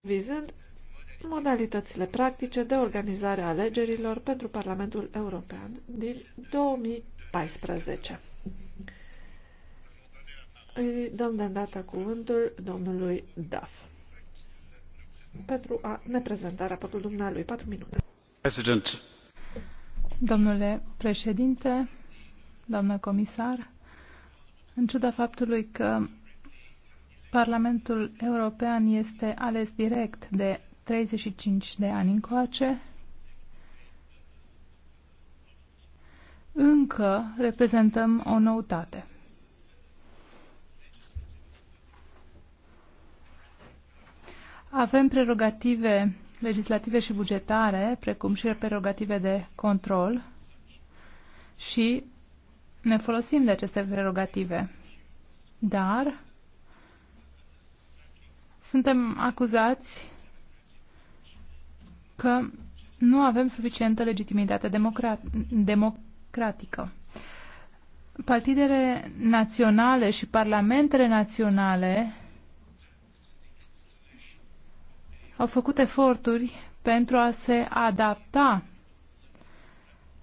vizând modalitățile practice de organizare a alegerilor pentru Parlamentul European din 2014. Îi dăm de îndată cuvântul domnului Duff pentru a ne prezenta raportul dumnealui. 4 minute. President. Domnule președinte, doamnă comisar, în ciuda faptului că Parlamentul European este ales direct de 35 de ani încoace. Încă reprezentăm o noutate. Avem prerogative legislative și bugetare, precum și prerogative de control și ne folosim de aceste prerogative. Dar suntem acuzați că nu avem suficientă legitimitate democrat democratică. Partidele naționale și parlamentele naționale au făcut eforturi pentru a se adapta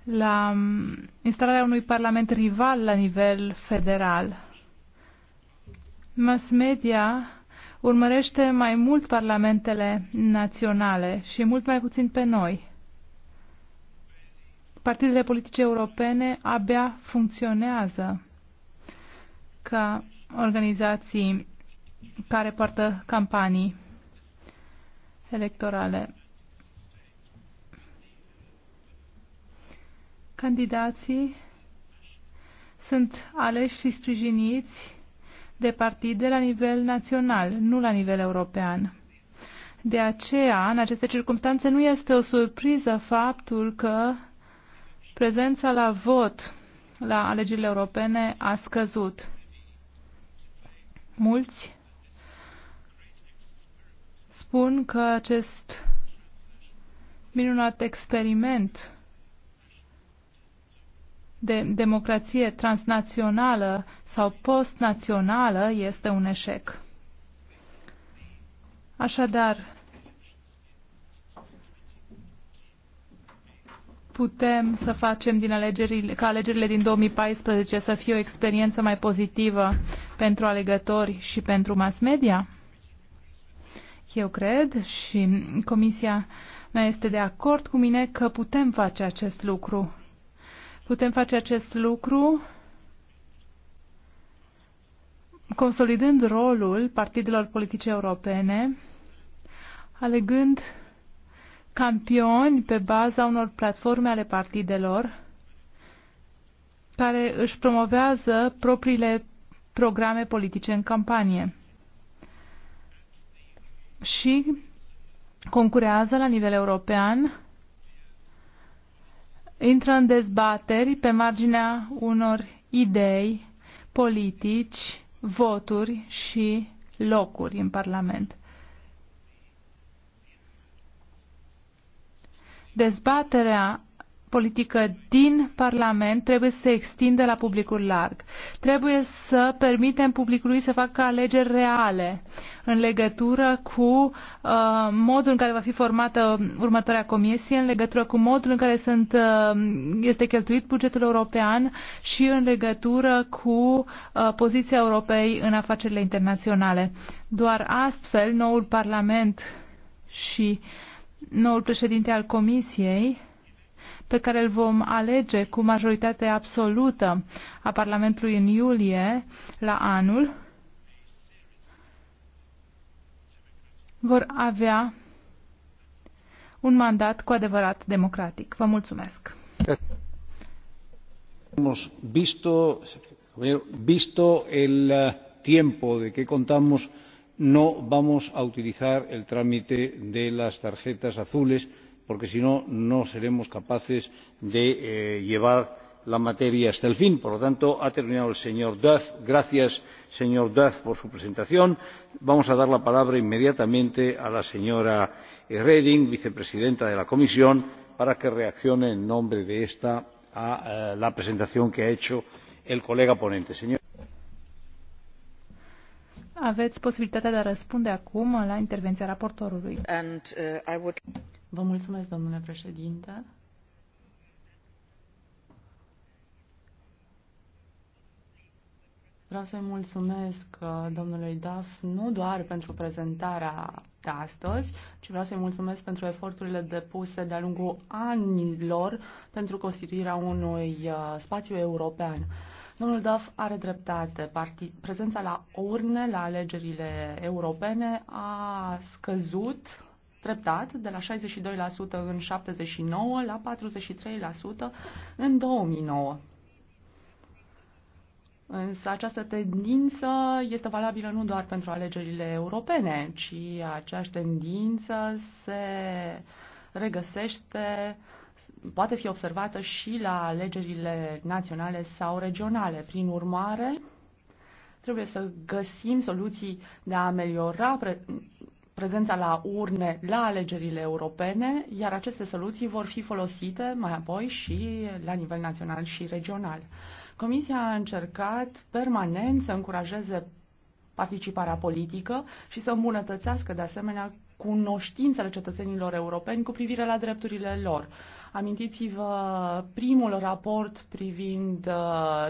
la mm, instalarea unui parlament rival la nivel federal. Mass media urmărește mai mult parlamentele naționale și mult mai puțin pe noi. Partidele politice europene abia funcționează ca organizații care poartă campanii electorale. Candidații sunt aleși și sprijiniți de partide la nivel național, nu la nivel european. De aceea, în aceste circunstanțe, nu este o surpriză faptul că prezența la vot la alegerile europene a scăzut. Mulți spun că acest minunat experiment de democrație transnațională sau postnațională este un eșec. Așadar, putem să facem din alegerile, ca alegerile din 2014 să fie o experiență mai pozitivă pentru alegători și pentru mass media? Eu cred și Comisia mea este de acord cu mine că putem face acest lucru. Putem face acest lucru consolidând rolul partidelor politice europene, alegând campioni pe baza unor platforme ale partidelor care își promovează propriile programe politice în campanie și concurează la nivel european intră în dezbateri pe marginea unor idei, politici, voturi și locuri în Parlament. Dezbaterea politică din Parlament trebuie să se extindă la publicul larg. Trebuie să permitem publicului să facă alegeri reale în legătură cu uh, modul în care va fi formată următoarea comisie, în legătură cu modul în care sunt, uh, este cheltuit bugetul european și în legătură cu uh, poziția Europei în afacerile internaționale. Doar astfel, noul Parlament și noul președinte al Comisiei pe care îl vom alege cu majoritate absolută a Parlamentului în iulie la anul, vor avea un mandat cu adevărat democratic. Vă mulțumesc. Hemos visto, visto el tiempo de que contamos, no vamos a utilizar el trámite de las tarjetas azules porque si no no seremos capaces de eh, llevar la materia hasta el fin. por lo tanto ha terminado el señor duff. gracias señor duff por su presentación. vamos a dar la palabra inmediatamente a la señora reding vicepresidenta de la comisión para que reaccione en nombre de esta a eh, la presentación que ha hecho el colega ponente. Señor... aveți posibilitatea de a răspunde acum la intervenția raportorului. Uh, Vă mulțumesc, domnule președinte. Vreau să-i mulțumesc uh, domnului Daf nu doar pentru prezentarea de astăzi, ci vreau să-i mulțumesc pentru eforturile depuse de-a lungul anilor pentru constituirea unui uh, spațiu european. Domnul Duff are dreptate. Parti- prezența la urne, la alegerile europene, a scăzut treptat de la 62% în 79 la 43% în 2009. Însă această tendință este valabilă nu doar pentru alegerile europene, ci aceeași tendință se regăsește, poate fi observată și la alegerile naționale sau regionale. Prin urmare, trebuie să găsim soluții de a ameliora prezența la urne la alegerile europene, iar aceste soluții vor fi folosite mai apoi și la nivel național și regional. Comisia a încercat permanent să încurajeze participarea politică și să îmbunătățească de asemenea cunoștințele cetățenilor europeni cu privire la drepturile lor. Amintiți-vă primul raport privind uh,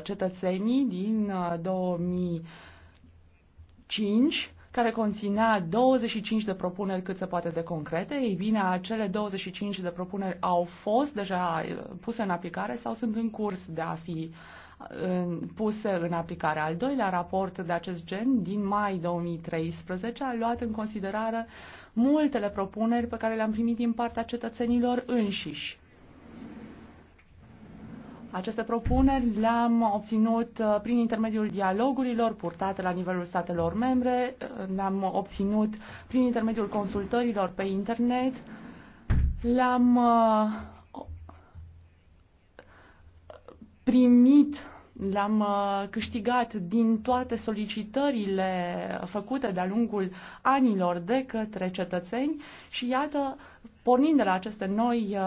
cetățenii din 2005 uh, care conținea 25 de propuneri cât se poate de concrete. Ei bine, acele 25 de propuneri au fost deja eh, puse în aplicare sau sunt în curs de a fi eh, în, puse în aplicare. Al doilea raport de acest gen, din mai 2013, a luat în considerare multele propuneri pe care le-am primit din partea cetățenilor înșiși. Aceste propuneri le-am obținut uh, prin intermediul dialogurilor purtate la nivelul statelor membre, uh, le-am obținut prin intermediul consultărilor pe internet, le-am uh, primit, le-am câștigat din toate solicitările făcute de-a lungul anilor de către cetățeni și iată, pornind de la aceste noi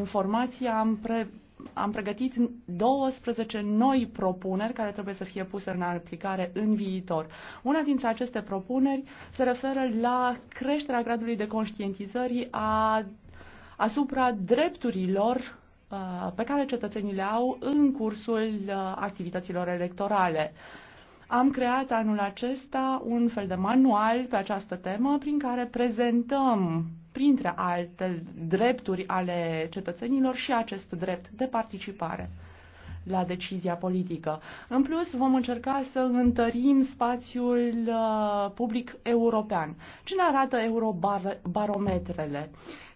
informații, am pre- am pregătit 12 noi propuneri care trebuie să fie puse în aplicare în viitor. Una dintre aceste propuneri se referă la creșterea gradului de conștientizări a, asupra drepturilor uh, pe care cetățenii le au în cursul uh, activităților electorale. Am creat anul acesta un fel de manual pe această temă prin care prezentăm printre alte drepturi ale cetățenilor și acest drept de participare la decizia politică. În plus, vom încerca să întărim spațiul uh, public european. Cine arată eurobarometrele?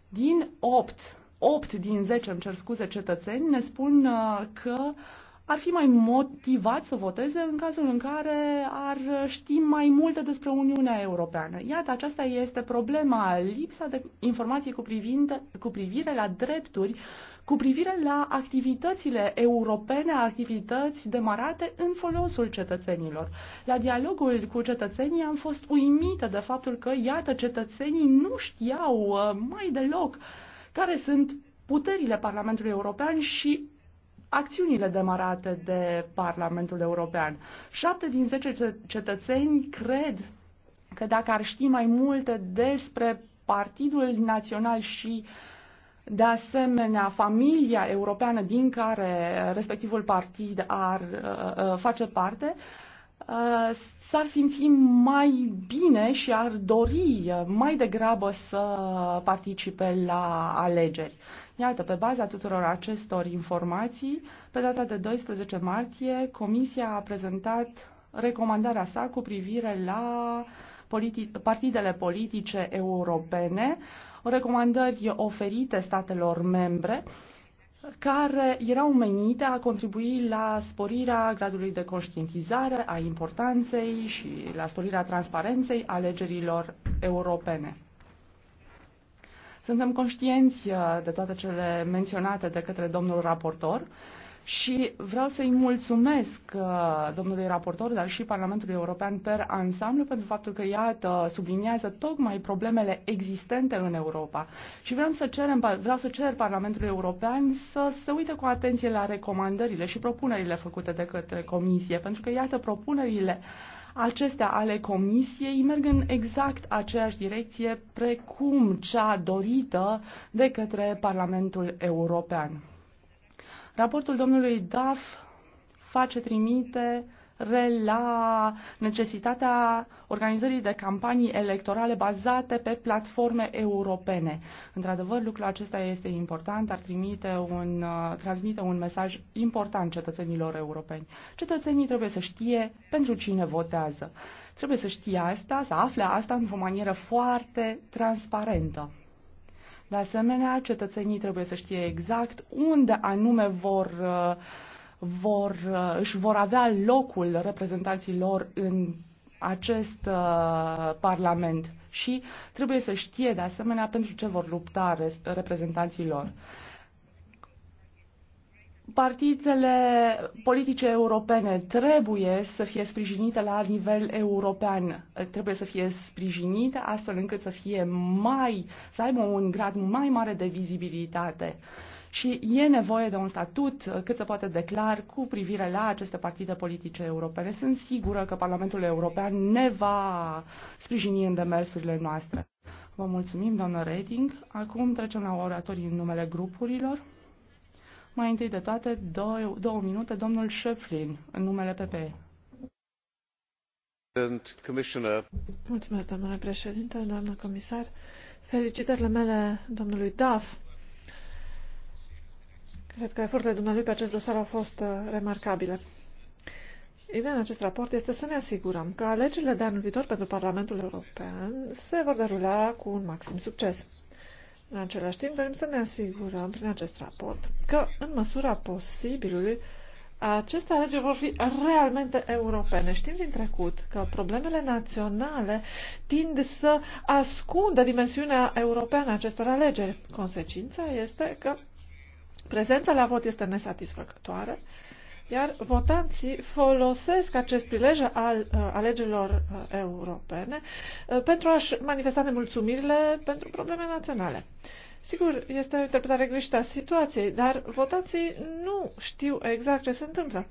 Din 8, 8 din 10, îmi cer scuze, cetățeni ne spun uh, că uh, ar fi mai motivat să voteze în cazul în care ar ști mai multe despre Uniunea Europeană. Iată, aceasta este problema, lipsa de informații cu, privinte, cu privire la drepturi, cu privire la activitățile europene, activități demarate în folosul cetățenilor. La dialogul cu cetățenii am fost uimită de faptul că, iată, cetățenii nu știau uh, mai deloc care sunt puterile Parlamentului European și acțiunile demarate de Parlamentul European. Șapte din zece cetățeni cred că dacă ar ști mai multe despre Partidul Național și de asemenea, familia europeană din care respectivul partid ar uh, uh face parte, uh, s-ar simți mai bine și ar dori uh, mai degrabă să participe la alegeri. Iată, pe baza tuturor acestor informații, pe data de 12 martie, Comisia a prezentat recomandarea sa cu privire la politi- partidele politice europene, recomandări oferite statelor membre, care erau menite a contribui la sporirea gradului de conștientizare a importanței și la sporirea transparenței alegerilor europene. Suntem conștienți uh, de toate cele menționate de către domnul raportor și vreau să-i mulțumesc uh, domnului raportor, dar și Parlamentului European per ansamblu pentru faptul că, iată, subliniază tocmai problemele existente în Europa. Și vreau să, cerem, vreau să cer Parlamentului European să se uite cu atenție la recomandările și propunerile făcute de către Comisie, pentru că, iată, propunerile uh, acestea ale Comisiei merg în exact aceeași direcție precum cea dorită de către Parlamentul European. Raportul domnului Daf face trimite la necesitatea organizării de campanii electorale bazate pe platforme europene. Într-adevăr, lucrul acesta este important, ar trimite un, uh, transmite un mesaj important cetățenilor europeni. Cetățenii trebuie să știe pentru cine votează. Trebuie să știe asta, să afle asta într-o manieră foarte transparentă. De asemenea, cetățenii trebuie să știe exact unde anume vor uh, vor, uh, își vor avea locul reprezentanții lor în acest uh, Parlament și trebuie să știe de asemenea pentru ce vor lupta reprezentanții lor. Partidele politice europene trebuie să fie sprijinite la nivel european, trebuie să fie sprijinite astfel încât să fie mai, să aibă un grad mai mare de vizibilitate. Uh, și e nevoie de un statut uh, cât se poate declar cu privire la aceste partide politice europene. Sunt sigură că Parlamentul European ne va sprijini în demersurile noastre. Vă mulțumim, doamnă Reding. Acum trecem la oratorii în numele grupurilor. Mai întâi de toate, două, două minute, domnul Șeflin, în numele PPE. Mulțumesc, domnule președinte, doamnă comisar. Felicitările mele domnului Duff Cred că eforturile dumneavoastră pe acest dosar au fost uh, remarcabile. Ideea în acest raport este să ne asigurăm că alegerile de anul viitor pentru Parlamentul European se vor derula cu un maxim succes. În același timp, dorim să ne asigurăm prin acest raport că, în măsura posibilului, aceste alegeri vor fi realmente europene. Știm din trecut că problemele naționale tind să ascundă dimensiunea europeană a acestor alegeri. Consecința este că Prezența la vot este nesatisfăcătoare, iar votanții folosesc acest prilej al uh, alegerilor uh, europene uh, pentru a-și manifesta nemulțumirile pentru probleme naționale. Sigur, este o interpretare greșită a situației, dar votanții nu știu exact ce se întâmplă.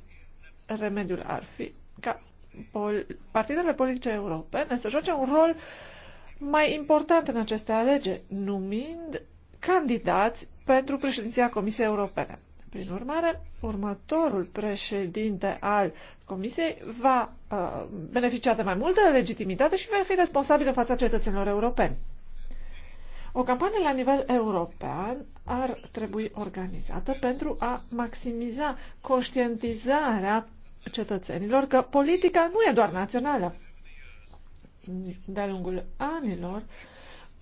Remediul ar fi ca pol- partidele politice europene să joace un rol mai important în aceste alegeri, numind candidați pentru președinția Comisiei Europene. Prin urmare, următorul președinte al Comisiei va uh, beneficia de mai multă legitimitate și va fi responsabil în fața cetățenilor europeni. O campanie la nivel european ar trebui organizată pentru a maximiza conștientizarea cetățenilor că politica nu e doar națională. De-a lungul anilor,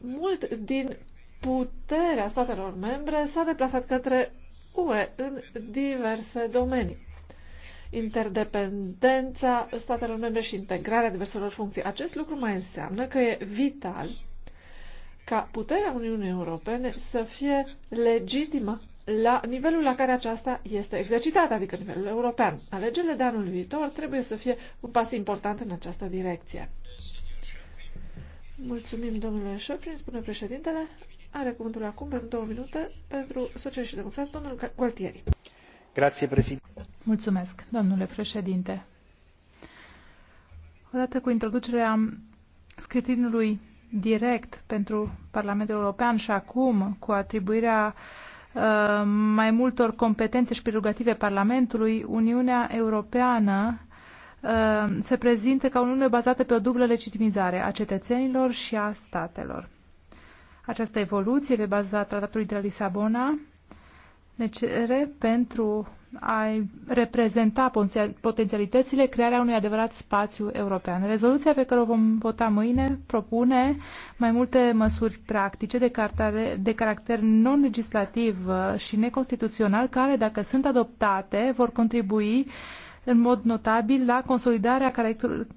mult din puterea statelor membre s-a deplasat către UE în diverse domenii. Interdependența statelor membre și integrarea diverselor funcții. Acest lucru mai înseamnă că e vital ca puterea Uniunii Europene să fie legitimă la nivelul la care aceasta este exercitată, adică nivelul european. Alegerile de anul viitor trebuie să fie un pas important în această direcție. Mulțumim, domnule Șofrin, spune președintele. Are cuvântul acum pentru două minute pentru Socialiști și Democrați, domnul Gualtieri. Grație, președinte. Mulțumesc, domnule președinte. Odată cu introducerea scrutinului direct pentru Parlamentul European și acum cu atribuirea uh, mai multor competențe și prerogative Parlamentului, Uniunea Europeană uh, se prezintă ca o Uniune bazată pe o dublă legitimizare a cetățenilor și a statelor. Această evoluție pe baza tratatului de la Lisabona ne cere pentru a reprezenta potențialitățile crearea unui adevărat spațiu european. Rezoluția pe care o vom vota mâine propune mai multe măsuri practice de, cartare, de caracter non-legislativ și neconstituțional care, dacă sunt adoptate, vor contribui uh, în mod notabil la consolidarea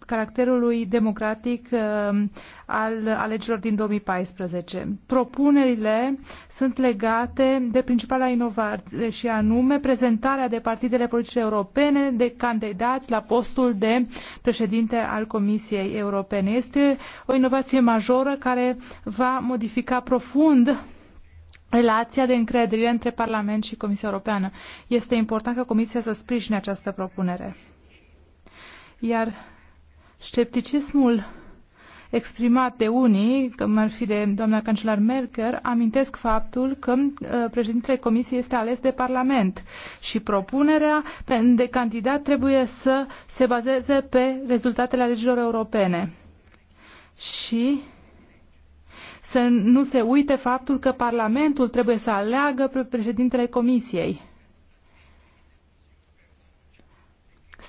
caracterului democratic um, al alegerilor din 2014. Propunerile sunt legate de principala inovare și anume prezentarea de partidele politice europene de candidați la postul de președinte al Comisiei Europene. Este o inovație majoră care va modifica profund relația de încredere între Parlament și Comisia Europeană. Este important ca Comisia să sprijine această propunere. Iar scepticismul exprimat de unii, cum ar fi de doamna cancelar Merkel, amintesc faptul că uh, președintele Comisiei este ales de Parlament și propunerea de candidat trebuie să se bazeze pe rezultatele alegerilor europene. Și să nu se uite faptul că Parlamentul trebuie să aleagă președintele Comisiei.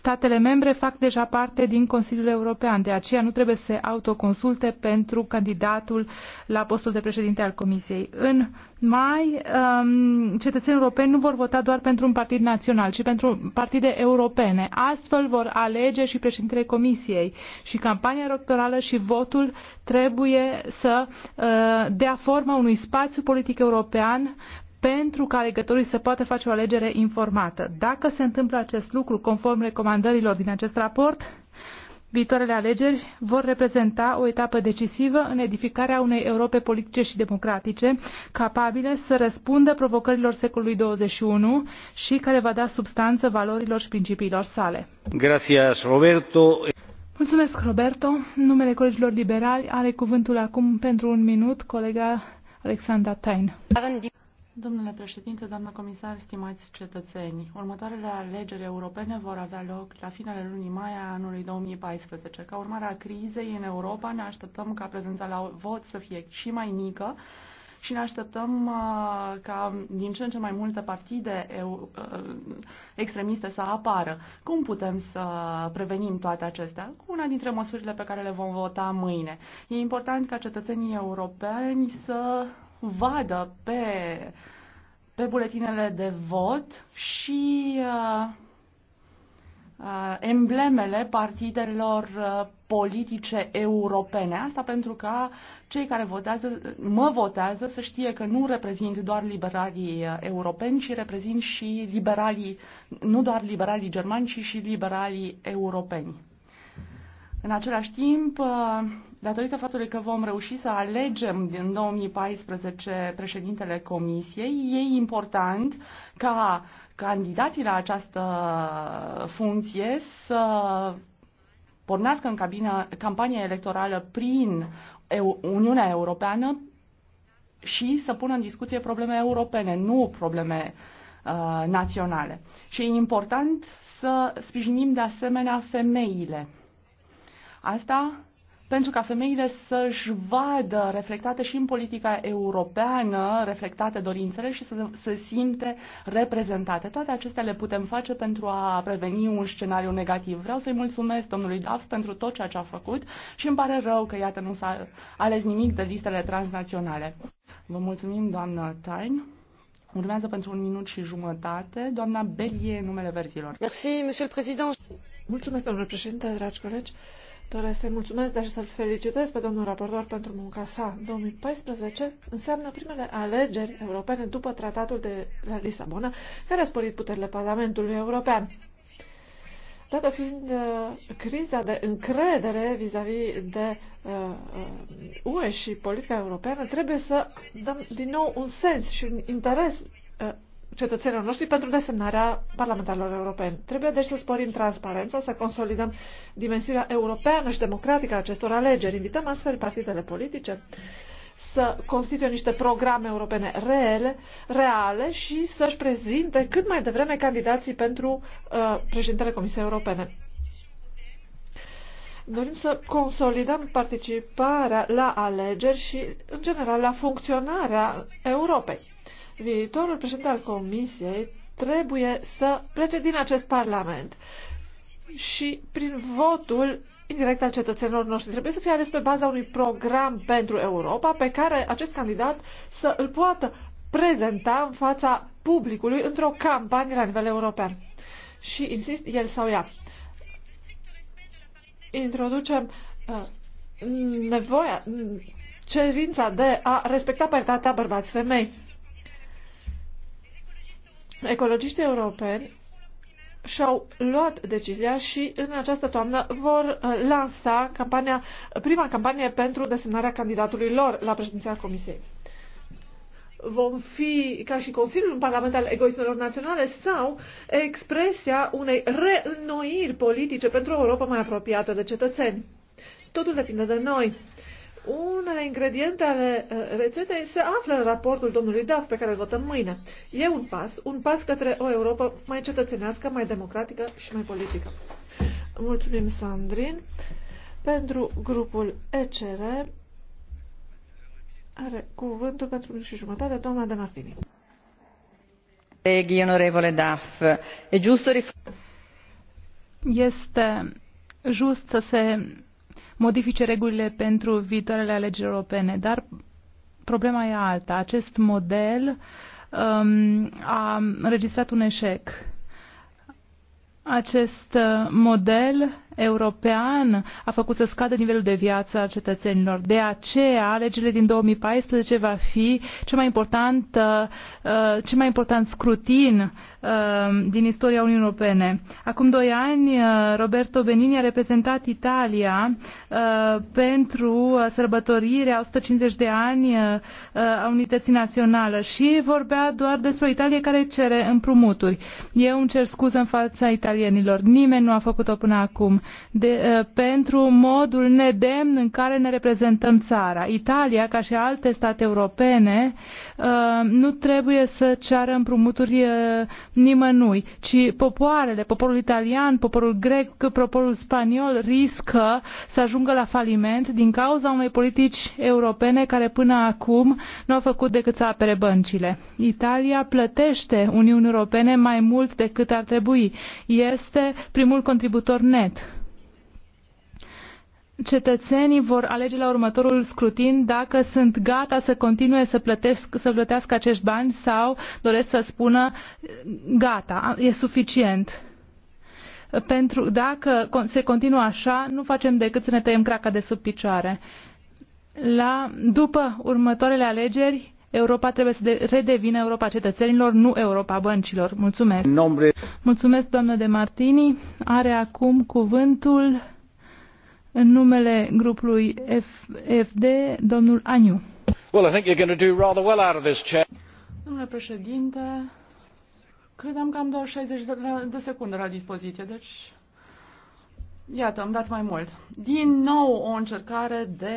statele membre fac deja parte din Consiliul European, de aceea nu trebuie să se autoconsulte pentru candidatul la postul de președinte al Comisiei. În mai, um, cetățenii europeni nu vor vota doar pentru un partid național, ci pentru partide europene. Astfel vor alege și președintele Comisiei și campania electorală și votul trebuie să uh, dea forma unui spațiu politic european pentru ca alegătorii să poată face o alegere informată. Dacă se întâmplă acest lucru conform recomandărilor din acest raport, viitoarele alegeri vor reprezenta o etapă decisivă în edificarea unei Europe politice și democratice, capabile să răspundă provocărilor secolului 21 și care va da substanță valorilor și principiilor sale. Gracias, Roberto. Mulțumesc, Roberto. Numele colegilor liberali are cuvântul acum pentru un minut colega Alexandra Tain. Domnule președinte, doamnă comisar, stimați cetățeni, următoarele alegeri europene vor avea loc la finele lunii mai a anului 2014. Ca urmare a crizei în Europa, ne așteptăm ca prezența la vot să fie și mai mică și ne așteptăm uh, ca din ce în ce mai multe partide uh, extremiste să apară. Cum putem să prevenim toate acestea? Una dintre măsurile pe care le vom vota mâine. E important ca cetățenii europeni să vadă pe, pe buletinele de vot și uh, uh, emblemele partidelor uh, politice europene. Asta pentru ca cei care votează, mă votează să știe că nu reprezint doar liberalii uh, europeni, ci reprezint și liberalii, nu doar liberalii germani, ci și liberalii europeni. În același timp, uh, datorită faptului că vom reuși să alegem din 2014 președintele Comisiei, e important ca candidații la această funcție să pornească în cabină, campania electorală prin Uniunea Europeană și să pună în discuție probleme europene, nu probleme uh, naționale. Și e important să sprijinim de asemenea femeile. Asta pentru ca femeile să-și vadă reflectate și în politica europeană, reflectate dorințele și să se simte reprezentate. Toate acestea le putem face pentru a preveni un scenariu negativ. Vreau să-i mulțumesc domnului Daf pentru tot ceea ce a făcut și îmi pare rău că, iată, nu s-a ales nimic de listele transnaționale. Vă mulțumim, doamnă Tain. Urmează pentru un minut și jumătate doamna Belie, numele verzilor. Mulțumesc, domnule președinte, dragi colegi. Doresc să-i mulțumesc, dar și să-l felicitez pe domnul raportor pentru munca sa. 2014 înseamnă primele alegeri europene după tratatul de la Lisabona, care a sporit puterile Parlamentului European. Dată fiind uh, criza de încredere vis-a-vis -vis de uh, UE uh, și politica europeană, trebuie să dăm din nou un sens și un interes cetățenilor noștri pentru desemnarea parlamentarilor europeni. Trebuie deci să sporim transparența, să consolidăm dimensiunea europeană și democratică a acestor alegeri. Invităm astfel partidele politice să constituie niște programe europene reale, reale și să-și prezinte cât mai devreme candidații pentru uh, președintele Comisiei Europene. Dorim să consolidăm participarea la alegeri și, în general, la funcționarea Europei viitorul președinte al Comisiei trebuie să plece din acest Parlament și prin votul indirect al cetățenilor noștri. Trebuie să fie ales pe baza unui program pentru Europa pe care acest candidat să îl poată prezenta în fața publicului într-o campanie la nivel european. Și insist, el sau ea. Introducem uh, nevoia, mm, cerința de a respecta paritatea bărbați-femei Ecologiștii europeni și-au luat decizia și în această toamnă vor uh, lansa campania, prima campanie pentru desemnarea candidatului lor la președinția Comisiei. Vom fi, ca și Consiliul, în parlament al egoismelor naționale sau expresia unei reînnoiri politice pentru o Europa mai apropiată de cetățeni. Totul depinde de noi. Unele ingrediente ale uh, rețetei se află în raportul domnului Daf, pe care îl votăm mâine. E un pas, un pas către o Europa mai cetățenească, mai democratică și mai politică. Mulțumim, Sandrin. Pentru grupul ECR are cuvântul pentru minut și jumătate doamna De Martini. Colegi, onorevole Daf, e giusto... Este just să se modifice regulile pentru viitoarele alegeri europene, dar problema e alta. Acest model um, a înregistrat un eșec. Acest uh, model european a făcut să scadă nivelul de viață al cetățenilor. De aceea, alegerile din 2014 va fi cel mai important, uh, cel mai important scrutin uh, din istoria Uniunii Europene. Acum doi ani, uh, Roberto Benini a reprezentat Italia pentru sărbătorirea 150 de ani a unității naționale și vorbea doar despre o Italie care cere împrumuturi. Eu îmi cer scuză în fața italienilor. Nimeni nu a făcut-o până acum de, uh, pentru modul nedemn în care ne reprezentăm țara. Italia, ca și alte state europene, uh, nu trebuie să ceară împrumuturi uh, nimănui, ci popoarele, poporul italian, poporul grec, poporul spaniol riscă să ajungă la faliment din cauza unei politici europene care până acum nu au făcut decât să apere băncile. Italia plătește Uniunii Europene mai mult decât ar trebui. Este primul contributor net cetățenii vor alege la următorul scrutin dacă sunt gata să continue să, plătesc, să plătească acești bani sau doresc să spună gata, e suficient. Pentru dacă se continuă așa, nu facem decât să ne tăiem craca de sub picioare. La, după următoarele alegeri, Europa trebuie să redevină Europa cetățenilor, nu Europa băncilor. Mulțumesc. Nombre. Mulțumesc, doamnă de Martini. Are acum cuvântul în numele grupului FD, domnul Aniu. Well, I think you're going to do rather well out of this chair. Domnule președinte, credeam că am doar 60 de secunde la dispoziție, deci Iată, am dat mai mult. Din nou o încercare de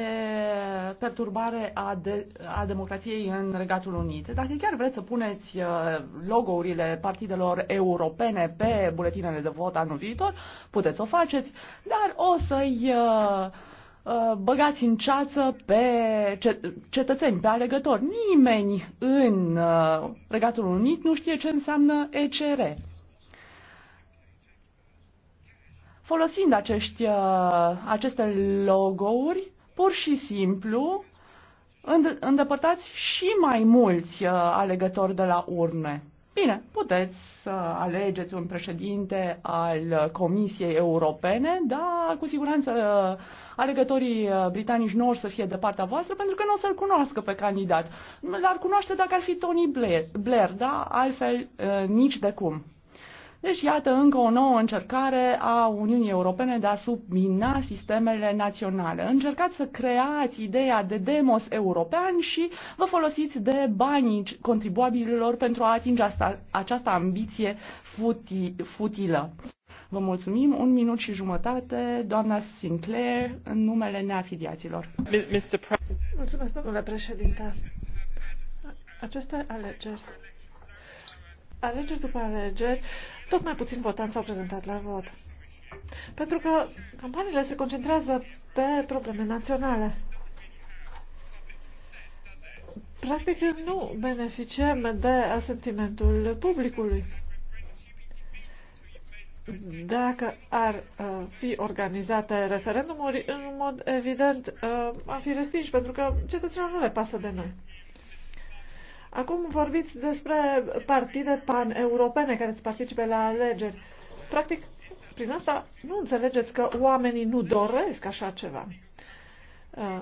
perturbare a, de, a democrației în Regatul Unit. Dacă chiar vreți să puneți uh, logourile partidelor europene pe buletinele de vot anul viitor, puteți o faceți, dar o să-i uh, uh, băgați în ceață pe cetățeni, pe alegători. Nimeni în Regatul Unit nu știe ce înseamnă ECR. Folosind acești, uh, aceste logo-uri, pur și simplu îndepărtați și mai mulți uh, alegători de la urne. Bine, puteți să alegeți un președinte al Comisiei Europene, dar cu siguranță uh, alegătorii britanici nu o să fie de partea voastră pentru că nu o să-l cunoască pe candidat. L-ar cunoaște dacă ar fi Tony Blair, Blair da? Altfel, nici de cum. Deci, iată încă o nouă încercare a Uniunii Europene de a submina sistemele naționale. Încercați să creați ideea de demos european și vă folosiți de banii contribuabililor pentru a atinge asta, această ambiție futi, futilă. Vă mulțumim. Un minut și jumătate, doamna Sinclair, în numele neafiliaților. Mulțumesc, domnule președinte. Aceste alegeri alegeri după alegeri, tot mai puțin votanți s-au prezentat la vot. Pentru că campaniile se concentrează pe probleme naționale. Practic nu beneficiem de asentimentul publicului. Dacă ar uh, fi organizate referendumuri, în mod evident uh, am fi respinși, pentru că cetățenilor nu le pasă de noi. Acum vorbiți despre partide pan-europene care se participe la alegeri. Practic, prin asta nu înțelegeți că oamenii nu doresc așa ceva. Uh,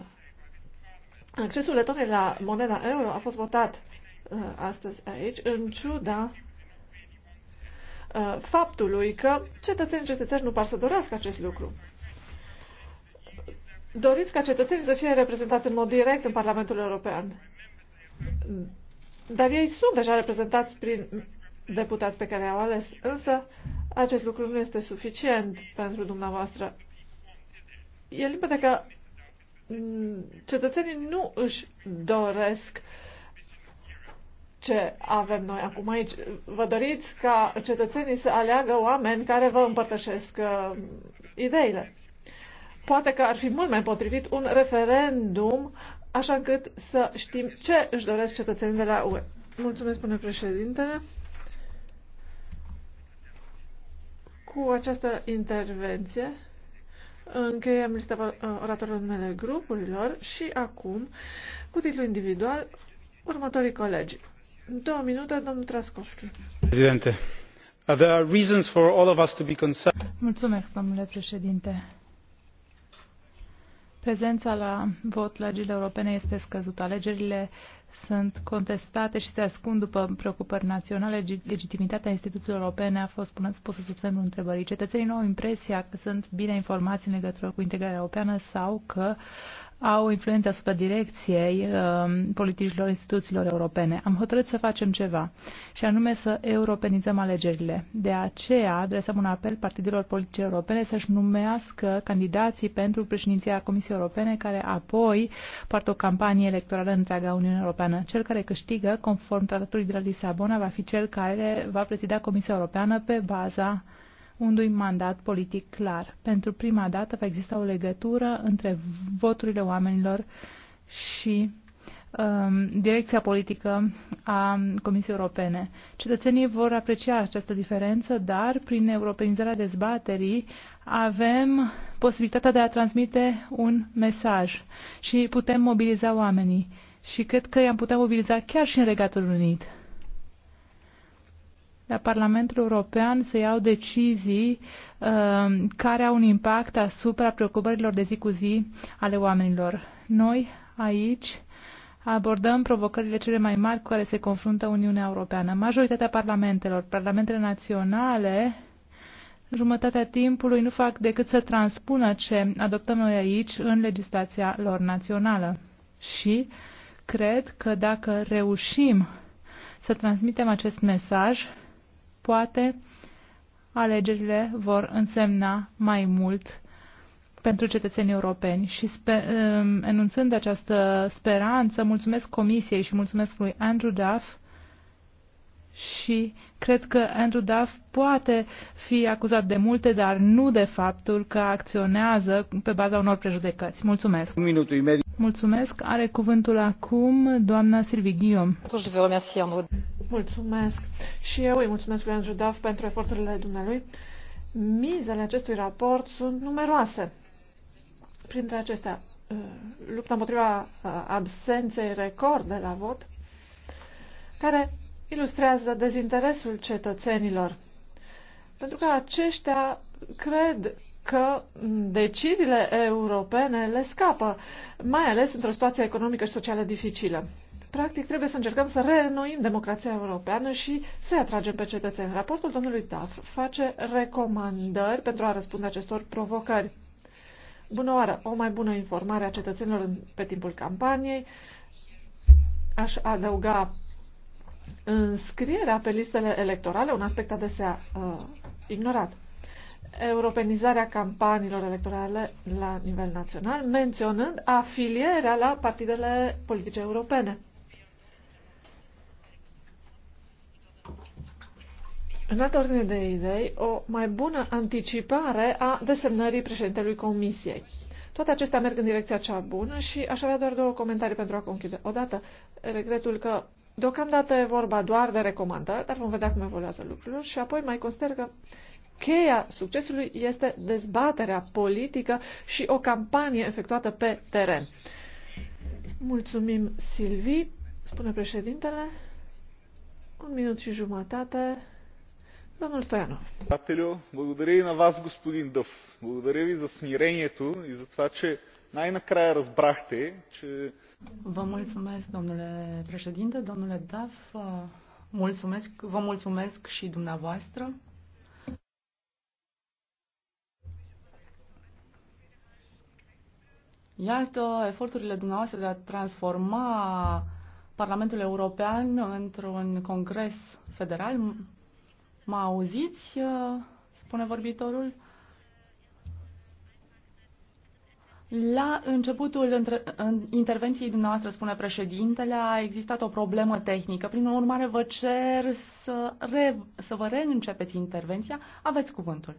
accesul Letoniei la moneda euro a fost votat uh, astăzi aici, în ciuda uh, faptului că cetățenii cetățeni nu par să dorească acest lucru. Doriți ca cetățenii să fie reprezentați în mod direct în Parlamentul European dar ei sunt deja reprezentați prin deputați pe care i-au ales. Însă, acest lucru nu este suficient pentru dumneavoastră. E limpede că cetățenii nu își doresc ce avem noi acum aici. Vă doriți ca cetățenii să aleagă oameni care vă împărtășesc uh, ideile. Poate că ar fi mult mai potrivit un referendum așa încât să știm ce își doresc cetățenii de la UE. Mulțumesc, până președintele. Cu această intervenție încheiem lista oratorilor mele grupurilor și acum, cu titlu individual, următorii colegi. Două minute, domnul Traskovski. Președinte, there are reasons for all of us to be concerned. Mulțumesc, domnule președinte Prezența la vot la legile europene este scăzută. Alegerile sunt contestate și se ascund după preocupări naționale. Legitimitatea instituțiilor europene a fost spusă sub semnul întrebării. Cetățenii nu au impresia că sunt bine informați în legătură cu integrarea europeană sau că au influență asupra direcției uh, politicilor instituțiilor europene. Am hotărât să facem ceva și anume să europenizăm alegerile. De aceea adresăm un apel partidelor politice europene să-și numească candidații pentru președinția Comisiei Europene care apoi poartă o campanie electorală în întreaga Uniunii Europeană. Cel care câștigă, conform tratatului de la Lisabona, va fi cel care va prezida Comisia Europeană pe baza unui mandat politic clar. Pentru prima dată va exista o legătură între voturile oamenilor și um, direcția politică a Comisiei Europene. Cetățenii vor aprecia această diferență, dar prin europenizarea dezbaterii avem posibilitatea de a transmite un mesaj și putem mobiliza oamenii. Și cred că i-am putea mobiliza chiar și în Regatul Unit la Parlamentul European să iau decizii uh, care au un impact asupra preocupărilor de zi cu zi ale oamenilor. Noi, aici, abordăm provocările cele mai mari cu care se confruntă Uniunea Europeană. Majoritatea parlamentelor, parlamentele naționale, jumătatea timpului nu fac decât să transpună ce adoptăm noi aici în legislația lor națională. Și cred că dacă reușim să transmitem acest mesaj, poate alegerile vor însemna mai mult pentru cetățenii europeni și sper, um, enunțând această speranță, mulțumesc Comisiei și mulțumesc lui Andrew Duff și cred că Andrew Duff poate fi acuzat de multe, dar nu de faptul că acționează pe baza unor prejudecăți. Mulțumesc! Mulțumesc! Are cuvântul acum doamna Silvi Guillaume. Mulțumesc. Și eu îi mulțumesc lui Andrew Duff pentru eforturile dumnealui. Mizele acestui raport sunt numeroase. Printre acestea, uh, lupta împotriva uh, absenței record de la vot, care ilustrează dezinteresul cetățenilor. Pentru că aceștia cred că deciziile europene le scapă, mai ales într-o situație economică și socială dificilă. Practic, trebuie să încercăm să reînnoim democrația europeană și să atragem pe cetățeni. Raportul domnului Taf face recomandări pentru a răspunde acestor provocări. Bună oară! O mai bună informare a cetățenilor pe timpul campaniei. Aș adăuga înscrierea pe listele electorale, un aspect adesea uh, ignorat europenizarea campaniilor electorale la nivel național, menționând afilierea la partidele politice europene. În altă ordine de idei, o mai bună anticipare a desemnării președintelui Comisiei. Toate acestea merg în direcția cea bună și aș avea doar două comentarii pentru a conchide. Odată, regretul că deocamdată e vorba doar de recomandări, dar vom vedea cum evoluează lucrurile și apoi mai consider că cheia succesului este dezbaterea politică și o campanie efectuată pe teren. Mulțumim, Silvi, spune președintele. Un minut și jumătate. Domnule Stoianov. Председателю, благодаря и на вас, господин Дъв. Благодаря ви за смирението и за това, че най-накрая разбрахте, че... Vă mulțumesc, domnule președinte, domnule Dav, mulțumesc, vă mulțumesc și dumneavoastră. Iată eforturile dumneavoastră de a transforma Parlamentul European într-un congres federal Mă auziți? Uh, spune vorbitorul. La începutul între, în intervenției dumneavoastră, spune președintele, a existat o problemă tehnică. Prin urmare, vă cer să, re, să vă reîncepeți intervenția. Aveți cuvântul.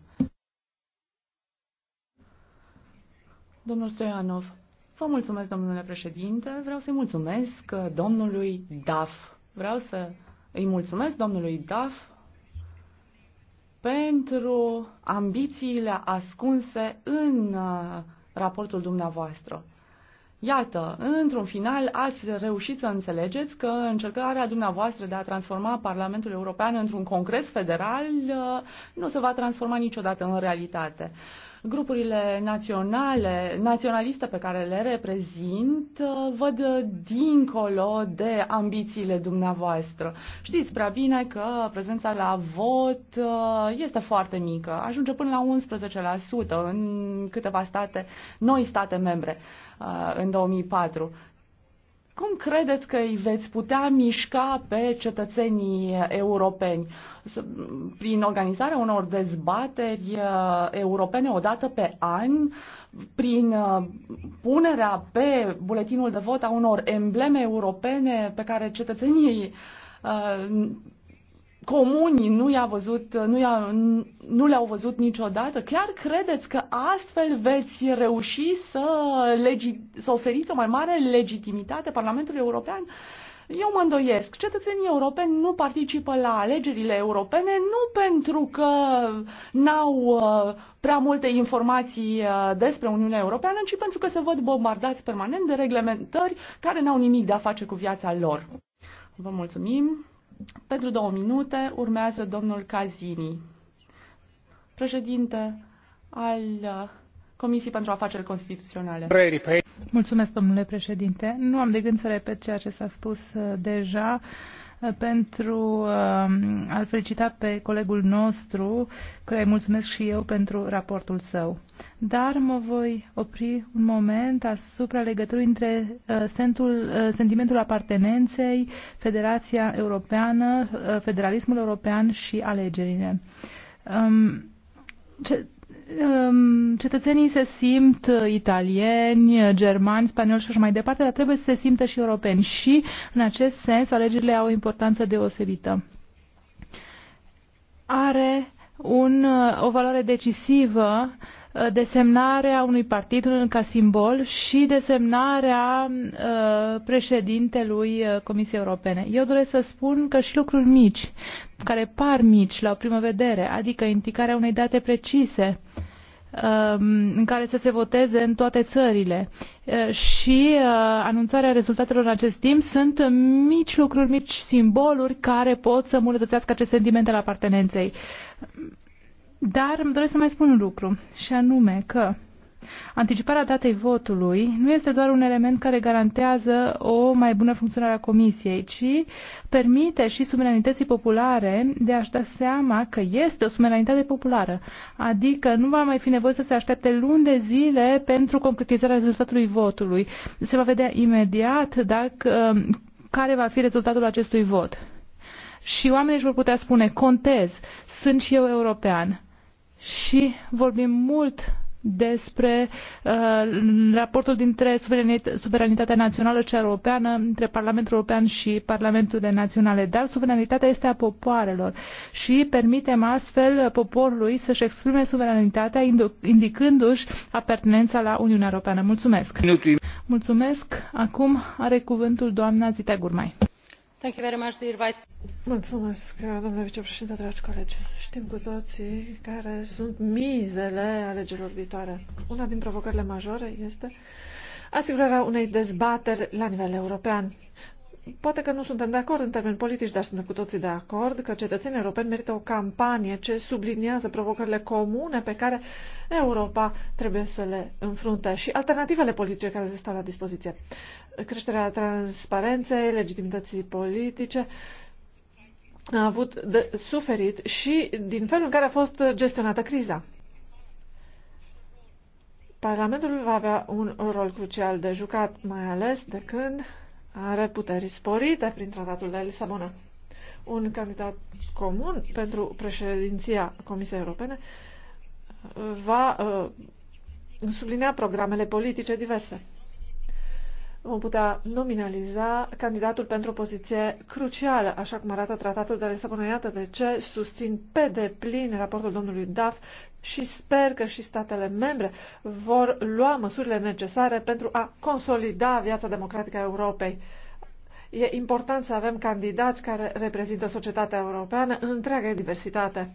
Domnul Stoianov, vă mulțumesc, domnule președinte. Vreau să-i mulțumesc domnului DAF. Vreau să îi mulțumesc domnului DAF pentru ambițiile ascunse în uh, raportul dumneavoastră. Iată, într-un final ați reușit să înțelegeți că încercarea dumneavoastră de a transforma Parlamentul European într-un congres federal uh, nu se va transforma niciodată în realitate. Grupurile naționale, naționaliste pe care le reprezint uh, văd dincolo de ambițiile dumneavoastră. Știți prea bine că prezența la vot uh, este foarte mică, ajunge până la 11% în câteva state, noi state membre uh, în 2004. Cum credeți că îi veți putea mișca pe cetățenii europeni prin organizarea unor dezbateri uh, europene o dată pe an, prin uh, punerea pe buletinul de vot a unor embleme europene pe care cetățenii uh, comuni nu, i-a văzut, nu, i-a, nu le-au văzut niciodată, chiar credeți că astfel veți reuși să, legi, să oferiți o mai mare legitimitate Parlamentului European? Eu mă îndoiesc. Cetățenii europeni nu participă la alegerile europene nu pentru că n-au uh, prea multe informații uh, despre Uniunea Europeană, ci pentru că se văd bombardați permanent de reglementări care n-au nimic de a face cu viața lor. Vă mulțumim. Pentru două minute urmează domnul Cazini, președinte al uh, Comisiei pentru Afaceri Constituționale. Mulțumesc, domnule președinte. Nu am de gând să repet ceea ce s-a spus uh, deja pentru um, a-l felicita pe colegul nostru, care îi mulțumesc și eu pentru raportul său. Dar mă voi opri un moment asupra legăturii între uh, sentul, uh, sentimentul apartenenței, Federația Europeană, uh, federalismul european și alegerile. Um, ce Ehm, cetățenii se simt uh, italieni, uh, germani, spanioli și așa mai departe, dar trebuie să se simtă și europeni. Și, în acest sens, alegerile au o importanță deosebită. Are un, uh, o valoare decisivă uh, desemnarea unui partid ca simbol și desemnarea uh, președintelui Comisiei Europene. Eu doresc să spun că și lucruri mici, care par mici la o primă vedere, adică indicarea unei date precise, Um, în care să se voteze în toate țările. Uh, și uh, anunțarea rezultatelor în acest timp sunt mici lucruri, mici simboluri care pot să mulătățească acest sentiment al apartenenței. Dar îmi doresc să mai spun un lucru, și anume că Anticiparea datei votului nu este doar un element care garantează o mai bună funcționare a Comisiei, ci permite și suveranității populare de a-și da seama că este o suveranitate populară. Adică nu va mai fi nevoie să se aștepte luni de zile pentru concretizarea rezultatului votului. Se va vedea imediat dacă, um, care va fi rezultatul acestui vot. Și oamenii își vor putea spune, contez, sunt și eu european. Și vorbim mult despre uh, raportul dintre suveranitatea națională și europeană, între Parlamentul European și Parlamentele Naționale. Dar suveranitatea este a popoarelor și permitem astfel poporului să-și exprime suveranitatea indicându-și apartenența la Uniunea Europeană. Mulțumesc! Mulțumesc! Acum are cuvântul doamna Zita Gurmai. Thank you very much, dear Vice Mulțumesc, domnule vicepreședinte, dragi colegi. Știm cu toții care sunt mizele alegerilor viitoare. Una din provocările majore este asigurarea unei dezbateri la nivel european. Poate că nu suntem de acord în termeni politici, dar suntem cu toții de acord că cetățenii europeni merită o campanie ce subliniază provocările comune pe care Europa trebuie să le înfrunte și alternativele politice care se stau la dispoziție. Creșterea transparenței, legitimității politice a avut de suferit și din felul în care a fost gestionată criza. Parlamentul va avea un rol crucial de jucat, mai ales de când are puteri sporite prin tratatul de Lisabona. Un candidat comun pentru președinția Comisiei Europene va uh, sublinea programele politice diverse vom putea nominaliza candidatul pentru o poziție crucială, așa cum arată tratatul de la Lisabona. Iată de ce susțin pe deplin raportul domnului Daf și sper că și statele membre vor lua măsurile necesare pentru a consolida viața democratică a Europei. E important să avem candidați care reprezintă societatea europeană în întreaga diversitate.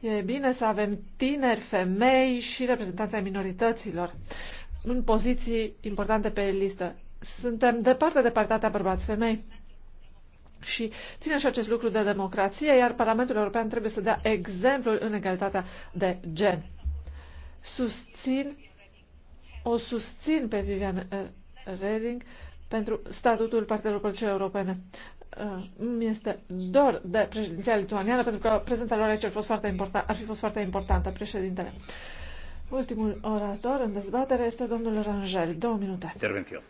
E bine să avem tineri, femei și reprezentanții minorităților în poziții importante pe listă suntem departe de partea bărbați-femei. Și ține și acest lucru de democrație, iar Parlamentul European trebuie să dea exemplul în egalitatea de gen. Susțin, o susțin pe Vivian uh, Reding pentru statutul partidelor politice europene. Uh, este dor de președinția lituaniană, pentru că prezența lor aici ar, fost foarte important, ar fi fost foarte importantă, președintele. Ultimul orator în dezbatere este domnul Rangel. Două minute. Intervenție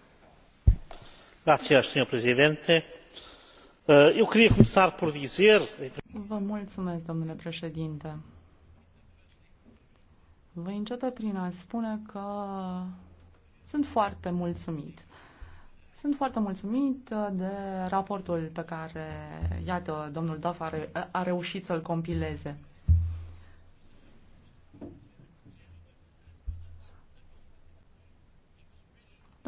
senhor presidente eh, eu queria começar por dizer Vă mulțumesc, domnule președinte. Voi începe prin a spune că sunt foarte mulțumit. Sunt foarte mulțumit de raportul pe care, iată, domnul Duff a, re- a reușit să-l compileze.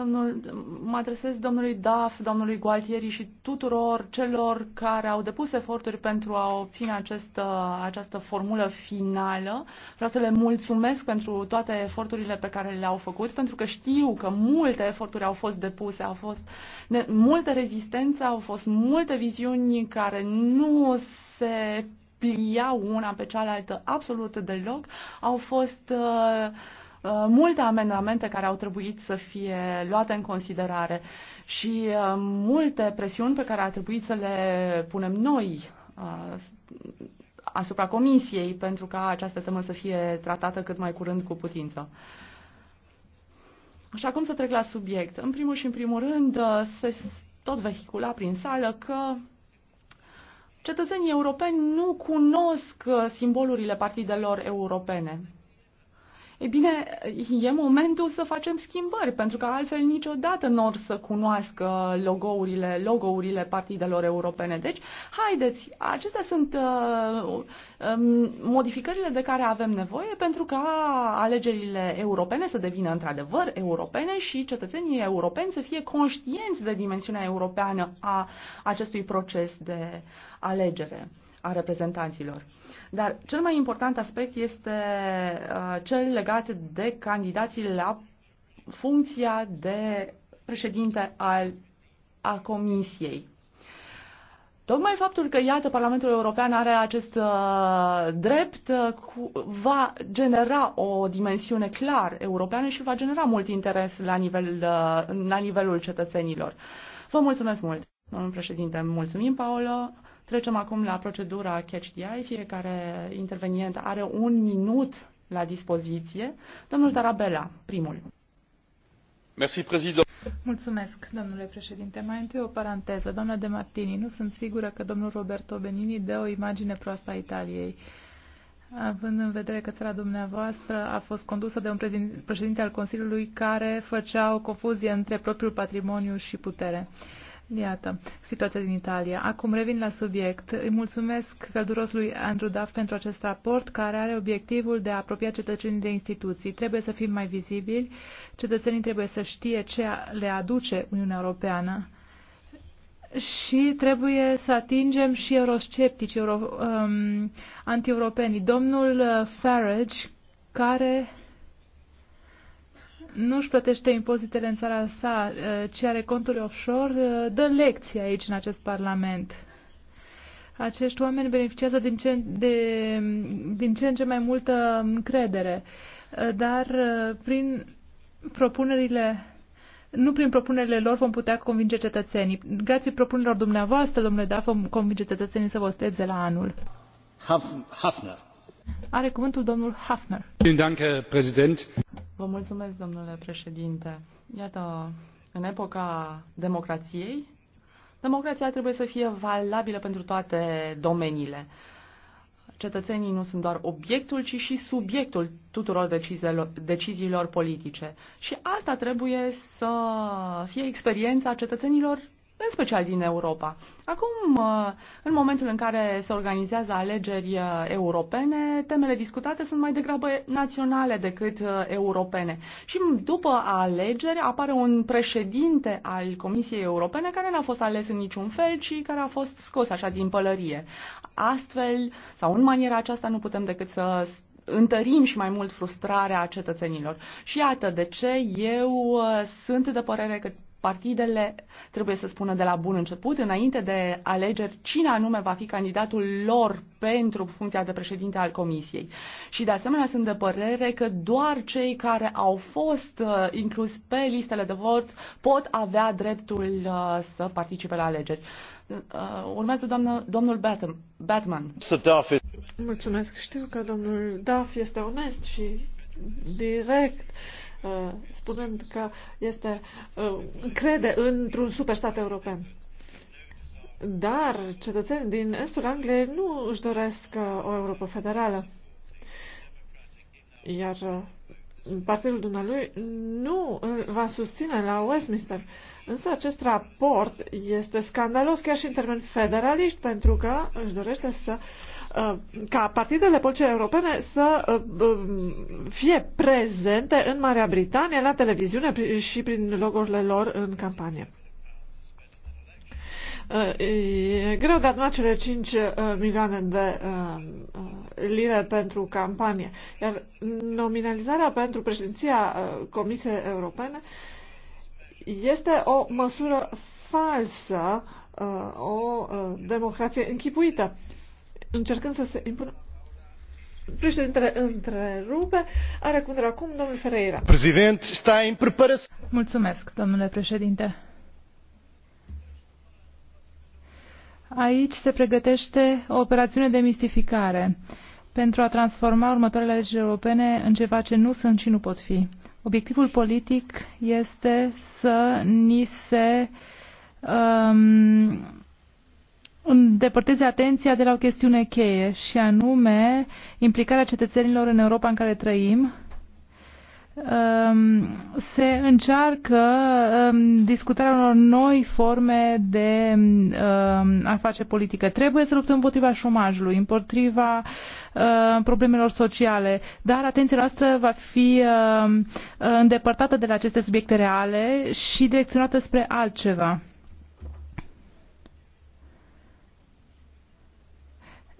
Domnul, mă adresez domnului Daf, domnului Gualtieri și tuturor celor care au depus eforturi pentru a obține această această formulă finală. Vreau să le mulțumesc pentru toate eforturile pe care le-au făcut, pentru că știu că multe eforturi au fost depuse, au fost ne, multe rezistențe, au fost multe viziuni care nu se pliau una pe cealaltă absolut deloc, au fost uh, Uh, multe amendamente care au trebuit să fie luate în considerare și uh, multe presiuni pe care a trebuit să le punem noi uh, asupra Comisiei pentru ca această temă să fie tratată cât mai curând cu putință. Și acum să trec la subiect. În primul și în primul rând se tot vehicula prin sală că cetățenii europeni nu cunosc simbolurile partidelor europene. E bine, e momentul să facem schimbări, pentru că altfel niciodată nu or să cunoască logourile, logourile partidelor europene. Deci, haideți, acestea sunt uh, um, modificările de care avem nevoie pentru ca alegerile europene să devină într-adevăr europene și cetățenii europeni să fie conștienți de dimensiunea europeană a acestui proces de alegere a reprezentanților. Dar cel mai important aspect este uh, cel legat de candidații la funcția de președinte al, a Comisiei. Tocmai faptul că, iată, Parlamentul European are acest uh, drept uh, cu, va genera o dimensiune clar europeană și va genera mult interes la, nivel, uh, la nivelul cetățenilor. Vă mulțumesc mult, domnul președinte. Mulțumim, Paolo. Trecem acum la procedura Catch the Eye. Fiecare intervenient are un minut la dispoziție. Domnul Tarabella, primul. Merci, president. Mulțumesc, domnule președinte. Mai întâi o paranteză. Doamna De Martini, nu sunt sigură că domnul Roberto Benini dă o imagine proastă a Italiei. Având în vedere că țara dumneavoastră a fost condusă de un președinte al Consiliului care făcea o confuzie între propriul patrimoniu și putere. Uh, Iată, situația din Italia. Acum revin la subiect. Îi mulțumesc călduros lui Andrew Duff pentru acest raport care are obiectivul de a apropia cetățenii de instituții. Trebuie să fim mai vizibili, cetățenii trebuie să știe ce le aduce Uniunea Europeană și trebuie să atingem și eurosceptici, euro, um, anti-europenii. Domnul uh, Farage, care nu își plătește impozitele în țara sa, eh, ci are conturi offshore, eh, dă lecții aici în acest Parlament. Acești oameni beneficiază din ce, de, din ce în ce mai multă încredere, eh, dar prin propunerile nu prin propunerile lor vom putea convinge cetățenii. Grație propunerilor dumneavoastră, domnule da, vom convinge cetățenii să voteze la anul. Hafner. Are cuvântul domnul Hafner. Vă mulțumesc, domnule președinte. Iată, în epoca democrației, democrația trebuie să fie valabilă pentru toate domeniile. Cetățenii nu sunt doar obiectul, ci și subiectul tuturor deciziilor, deciziilor politice. Și asta trebuie să fie experiența cetățenilor în special din Europa. Acum, uh, în momentul în care se organizează alegeri uh, europene, temele discutate sunt mai degrabă naționale decât uh, europene. Și după alegeri apare un președinte al Comisiei Europene care n-a fost ales în niciun fel, ci care a fost scos așa din pălărie. Astfel, sau în maniera aceasta, nu putem decât să întărim și mai mult frustrarea cetățenilor. Și iată de ce eu sunt de părere că partidele trebuie să spună de la bun început, înainte de alegeri, cine anume va fi candidatul lor pentru funcția de președinte al Comisiei. Și de asemenea sunt de părere că doar cei care au fost uh, inclus pe listele de vot pot avea dreptul uh, să participe la alegeri. Uh, urmează doamnă, domnul Batman. Mulțumesc. Știu că domnul Duff este onest și direct Uh, spunând că este uh, crede într-un superstat european. Dar cetățenii din estul Angliei nu își doresc uh, o Europa federală. Iar partidul dumnealui nu îl va susține la Westminster. Însă acest raport este scandalos chiar și în termeni federaliști, pentru că își dorește să uh, Uh, ca partidele politice europene să uh, uh, fie prezente în Marea Britanie la televiziune și prin logurile lor în campanie. E greu de adunat cele 5 milioane de lire pentru campanie, iar nominalizarea pentru președinția Comisiei Europene este o măsură falsă, o democrație închipuită încercând să se impună. Președintele întrerupe. Are cuvântul acum domnul Ferreira. Prezident, stai în preparație. Mulțumesc, domnule președinte. Aici se pregătește o operațiune de mistificare pentru a transforma următoarele legi europene în ceva ce nu sunt și nu pot fi. Obiectivul politic este să ni se um, îndepărteze atenția de la o chestiune cheie și anume implicarea cetățenilor în Europa în care trăim. Um, se încearcă um, discutarea unor noi forme de um, a face politică. Trebuie să luptăm împotriva șomajului, împotriva uh, problemelor sociale, dar atenția noastră va fi îndepărtată de la aceste subiecte reale și direcționată spre altceva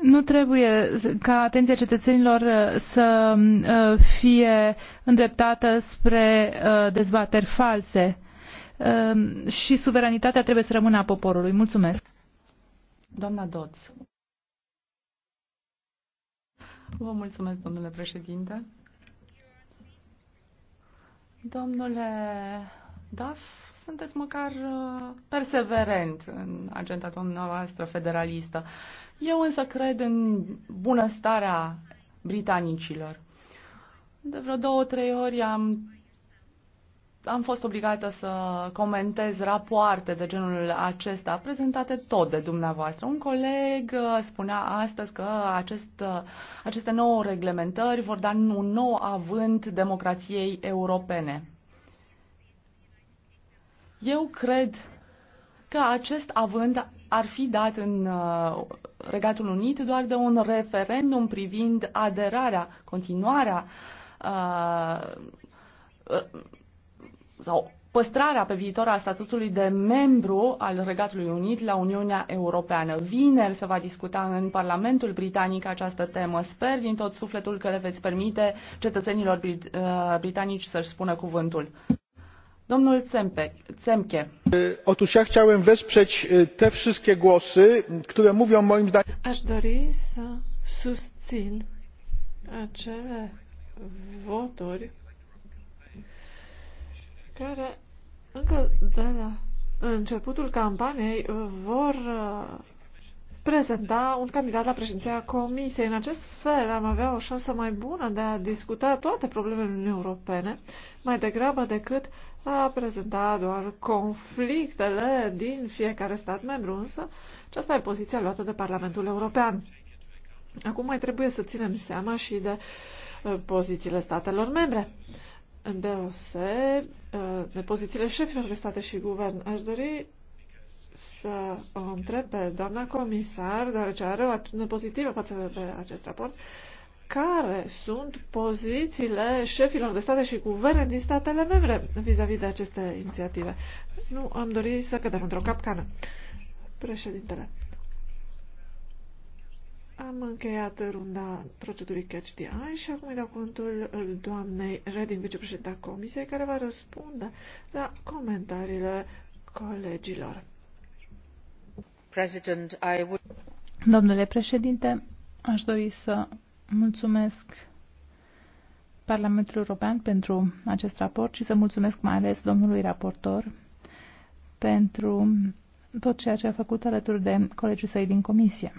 Nu trebuie ca atenția cetățenilor uh, să uh, fie îndreptată spre uh, dezbateri false um, și suveranitatea trebuie să rămână a poporului. Mulțumesc. Doamna Doț. Vă mulțumesc, domnule președinte. Domnule Daf, sunteți măcar uh, perseverent în agenda dumneavoastră federalistă. Eu însă cred în bunăstarea britanicilor. De vreo două, trei ori am, am fost obligată să comentez rapoarte de genul acesta, prezentate tot de dumneavoastră. Un coleg uh, spunea astăzi că acest, uh, aceste nouă reglementări vor da un nou avânt democrației europene. Eu cred că acest avânt ar fi dat în uh, Regatul Unit doar de un referendum privind aderarea, continuarea uh, uh, sau păstrarea pe viitor a statutului de membru al Regatului Unit la Uniunea Europeană. Vineri se va discuta în Parlamentul Britanic această temă. Sper din tot sufletul că le veți permite cetățenilor britanici să-și spună cuvântul. Cempe, Otóż ja chciałem wesprzeć te wszystkie głosy, które mówią moim zdaniem... Aș dori să susțin acele voturi care încă de la începutul campaniei vor prezenta un candidat la președinția Comisiei. În acest fel am avea o șansă mai bună de a discuta toate problemele Uniunii Europene, mai degrabă decât a prezenta doar conflictele din fiecare stat membru, însă aceasta e poziția luată de Parlamentul European. Acum mai trebuie să ținem seama și de uh, pozițiile statelor membre. Îndeose uh, de pozițiile șefilor de state și guvern. Aș dori să o întreb pe doamna comisar, deoarece are o atitudine pozitivă față de acest raport, care sunt pozițiile șefilor de state și guverne din statele membre vis-a-vis -vis de aceste inițiative. Nu am dorit să cădem într-o capcană. Președintele. Am încheiat runda procedurii Catch the Eye și acum îi dau cuvântul doamnei Redding, vicepreședinta Comisiei, care va răspunde la comentariile colegilor. Domnule președinte, aș dori să mulțumesc Parlamentului European pentru acest raport și să mulțumesc mai ales domnului raportor pentru tot ceea ce a făcut alături de colegii săi din comisie.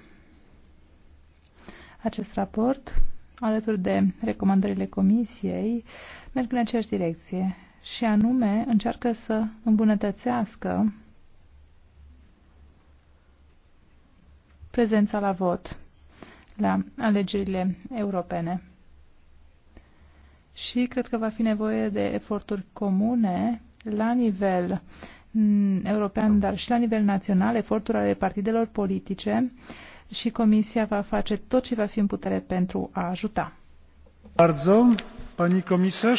Acest raport, alături de recomandările comisiei, merg în aceeași direcție și anume încearcă să îmbunătățească prezența la vot la alegerile europene. Și cred că va fi nevoie de eforturi comune la nivel mm, european, dar și la nivel național, eforturi ale partidelor politice și Comisia va face tot ce va fi în putere pentru a ajuta. Bardzo, pani comisar.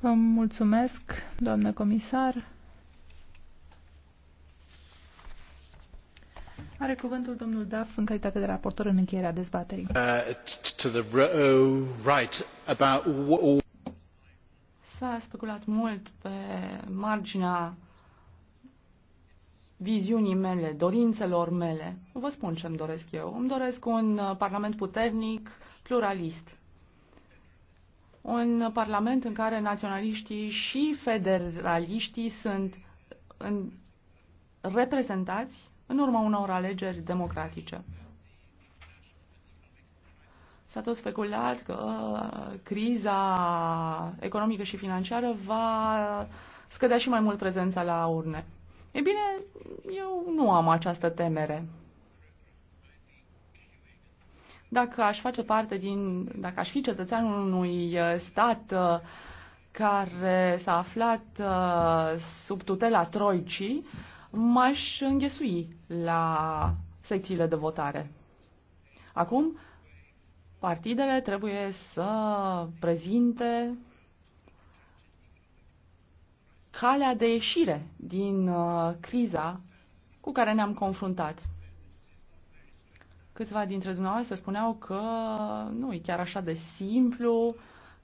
Vă mulțumesc, doamnă comisar. Are cuvântul domnul Daf în calitate de raportor în încheierea dezbaterii. Uh, oh, S-a speculat mult pe marginea viziunii mele, dorințelor mele. Vă spun ce îmi doresc eu. Îmi doresc un uh, parlament puternic, pluralist. Un parlament în care naționaliștii și federaliștii sunt în reprezentați în urma unor alegeri democratice. S-a tot speculat că uh, criza economică și financiară va scădea și mai mult prezența la urne. E bine, eu nu am această temere. Dacă aș face parte din, dacă aș fi cetățeanul unui uh, stat uh, care s-a aflat sub tutela Troicii, m-aș înghesui la secțiile de votare. Acum, partidele trebuie să prezinte calea de ieșire din uh, criza cu care ne-am confruntat. Câțiva dintre dumneavoastră spuneau că nu e chiar așa de simplu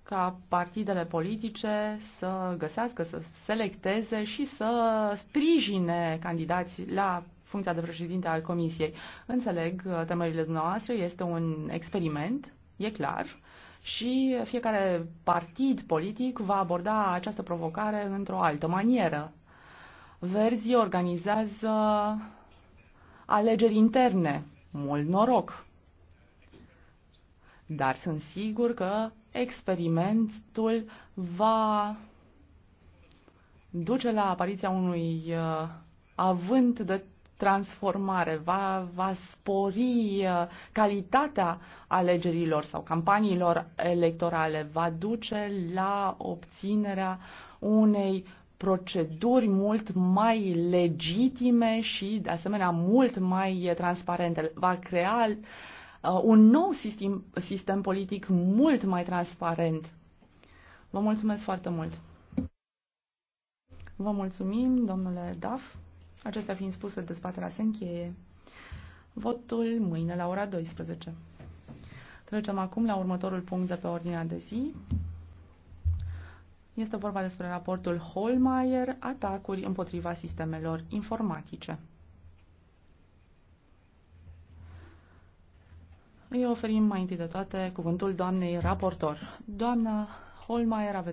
ca partidele politice să găsească, să selecteze și să sprijine candidații la funcția de președinte al Comisiei. Înțeleg uh, temerile dumneavoastră, este un experiment, e clar, și fiecare partid politic va aborda această provocare într-o altă manieră. Verzii organizează alegeri interne, mult noroc. Dar sunt sigur că experimentul va duce la apariția unui uh, avânt de transformare, va, va spori uh, calitatea alegerilor sau campaniilor electorale, va duce la obținerea unei proceduri mult mai legitime și, de asemenea, mult mai transparente. Va crea Uh, un nou sistem, sistem politic mult mai transparent. Vă mulțumesc foarte mult! Vă mulțumim, domnule Daf. Acestea fiind spuse, dezbaterea se încheie. Votul mâine la ora 12. Trecem acum la următorul punct de pe ordinea de zi. Este vorba despre raportul Holmeier, atacuri împotriva sistemelor informatice. Îi oferim mai întâi de toate cuvântul doamnei raportor. Doamna Holmaier, aveți